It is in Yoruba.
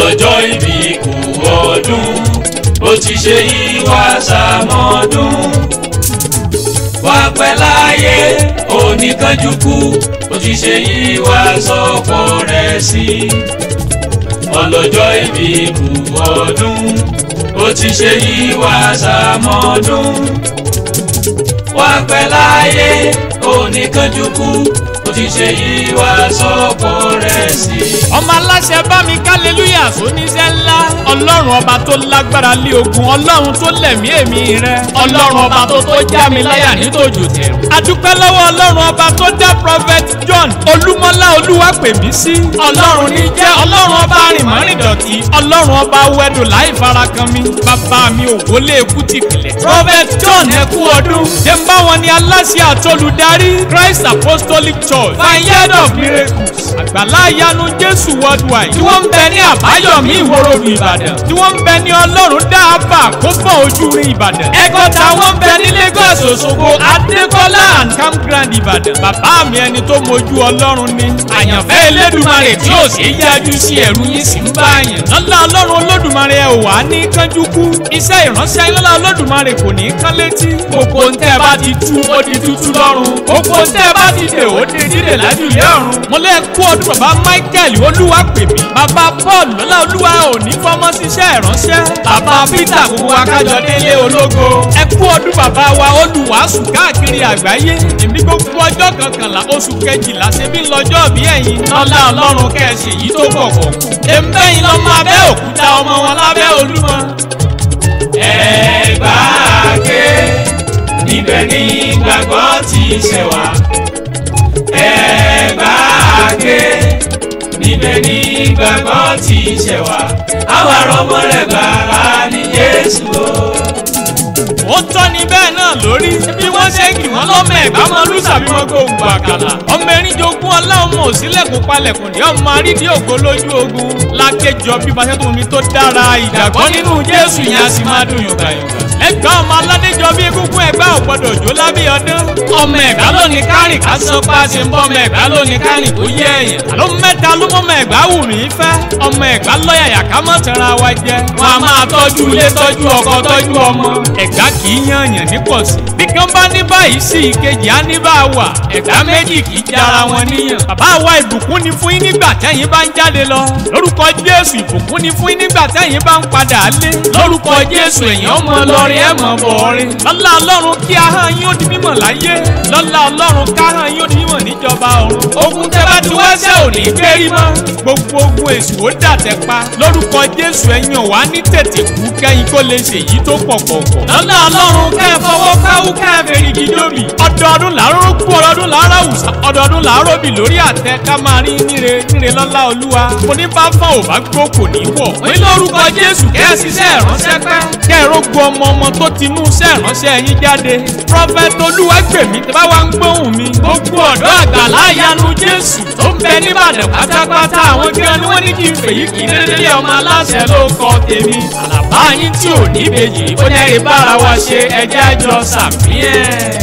lọ́jọ́ ìbí kú ọdún ó ti ṣe ìwà sàmọ́dún wá pẹ́ láyé oníkanjú kú ó ti ṣe ìwà sọ́kọ rẹ̀ sí ọlọ́jọ́ ìbí kú ọdún ó ti ṣe ìwà sàmọ́dún wá pẹ́ láyé oníkanjú ó ti ṣe ìwà sọ́kọ rẹ̀ sí ọmọ aláṣẹ bá mi kálẹ́lúyà sóníṣẹ́ ńlá ọlọ́run ọba tó lágbára lé ogun ọlọ́run tó lẹ̀mí èmi rẹ ọlọ́run ọba tó tó já mi láyà nítòjò tẹ̀rù. adúpẹ́ lọ́wọ́ ọlọ́run ọba tó dá prophet john olúmọlá olúwàpẹ̀bí sí. ọlọ́run ní jẹ́ ọlọ́run ọba rìnmọ́rìn dọ̀tí ọlọ́run ọba wẹ́dùn láì farakan mi bàbá mi ò wọlé ikú ti pìlẹ̀. prophet john ẹ kú ọdún jẹ́ ń bá wọn ní aláṣẹ àtolùdarí christ apostolic church fayed of miracles àgbàlá ìyanu jésù worldwide tí wọ́n ń bẹ ní àbáyọ̀mí ìwòrò ìbàdàn tí wọ́n ń bẹ ní ọlọ́run dáàbà kó bọ̀ ojú rin ìbàdàn. ẹ̀kọ́ táwọn ń bẹ ní Lagos Òṣogbo Adékọ́lá and campground ìbàdàn. bàbá mi ẹni tó mojú ọlọ́run ni. àyànfẹ́ Elédùmarè tí ò sí yájú sí ẹ̀rú yín sí ń bá yẹn. lọ́lá ọlọ́run Olódùmarè ẹ̀ wà ní kánjú kú. iṣẹ́ ìránṣẹ́ lọ́lá Olódùmarè kò ní kán létí. kòkó ń tẹ́ bá ti tú ó di tútú lọ́rùn. kòkó ṣiṣẹ́ ìránṣẹ́. bàbá peter gbogbo akájọ délé ológo. ẹ kú ọdún bàbá wa olùwàásù káàkiri àgbáyé. èmi gbogbo ọjọ́ kọkànlá oṣù kejìlá ṣe bí lọ́jọ́ bí ẹ̀yin. lọ́lá ọlọ́run kẹ̀sì yìí tó kọ̀kọ̀. èmbẹ́yìn lọ́mọ abẹ́ òkúta ọmọ wọn lábẹ́ olúmọ. ẹ̀ẹ́dàgbàké níbẹ̀ ni gbàgbọ́ ti ṣẹ̀wá. ibẹ̀ ní gbàgbọ́ ti ṣẹ̀ wá àwa rọ́mọ rẹ̀ gbàrà ní Jésù o. ó tọ́ ni bẹ́ẹ̀ náà lórí bí wọ́n ṣe kì wọ́n lọ́mọ ẹ̀gbá mọ́lúsàbí wọn kò gbàkàlà ọmọ ẹni jogún ọlá ọmọ òsínlẹ̀kùn palẹ̀kùn ní ọmọ arídìí ògo lójú ogun lákejọ bí baṣẹ́ tó mi tó dára ìgbàgbọ́ nínú Jésù yẹn a sì máa dùn yọ̀gà yọ̀gà. ẹgbẹ́ ọmọ aládéjọ bí egungun ẹgbẹ́ ògbọ́dọ̀ jó lábẹ́ ọdún. ọmọ ẹ̀gbá lónìí kárìn ká sọ pa ṣe ń bọ́ ọmọ ẹ̀gbá lónìí kárìn tó yẹ ẹ̀yẹ. àló mẹ́ta ló mọ́ ọmọ ẹ̀gbá wù mí fẹ́. ọmọ ẹ̀gbá àwa ìbùkún ni fún yín nígbà tẹ́yìn bá ń jáde lọ lórúkọ jésù ìbùkún ni fún yín nígbà tẹ́yìn bá ń padà lé lórúkọ jésù èèyàn mọ lọrin ẹ mọ bọrin lọ́lá ọlọ́run kí ahọ́n yín ó di mímọ̀ láyé lọ́lá ọlọ́run káhọ́n yín ó di mímọ̀ níjọba ọ̀run ogun tẹ́ bá ti wáṣẹ́ ò ní gbérí mọ́ gbogbo ogun èṣù ó dàtẹ̀ pa lórúkọ jésù ẹ̀yin ọ̀wá ní tètè kú kẹ́yìn kó lè ṣèyí tó pọ̀ pọ̀ pọ̀ lọ́lá ọlọ́run kẹ́ fọwọ́ káwú kẹ́ fèrè gíjóbi ọdọọdún làárọ̀ kú ọdọọdún làárọ̀ àwùsà ọdọọdún làárọ̀ bì lórí à àtẹ ká máa rí níre níre lọ́lá olúwa. mo ní bá fà ò bá gbó kò ní wọ̀. ní lórúkọ jésù kẹ́sìsẹ́ ìránṣẹ́ pẹ́. kẹ́ẹ̀rógo ọmọ ọmọ tó ti mú iṣẹ́ ìránṣẹ́ yín jáde. prophet olúwàgbèmí tẹ bá wa ń gbóhùn mi. gbogbo ọ̀dọ́ àgbàlá ìyanu jésù tó ń bẹ níbàdàn pátápátá àwọn gan ni wọ́n ní kí n fè yí kí dédé ọmọ aláṣẹ ló kọ tèmi. àlàbá yín tí ò ní ìbejì ó jẹ́ ìbára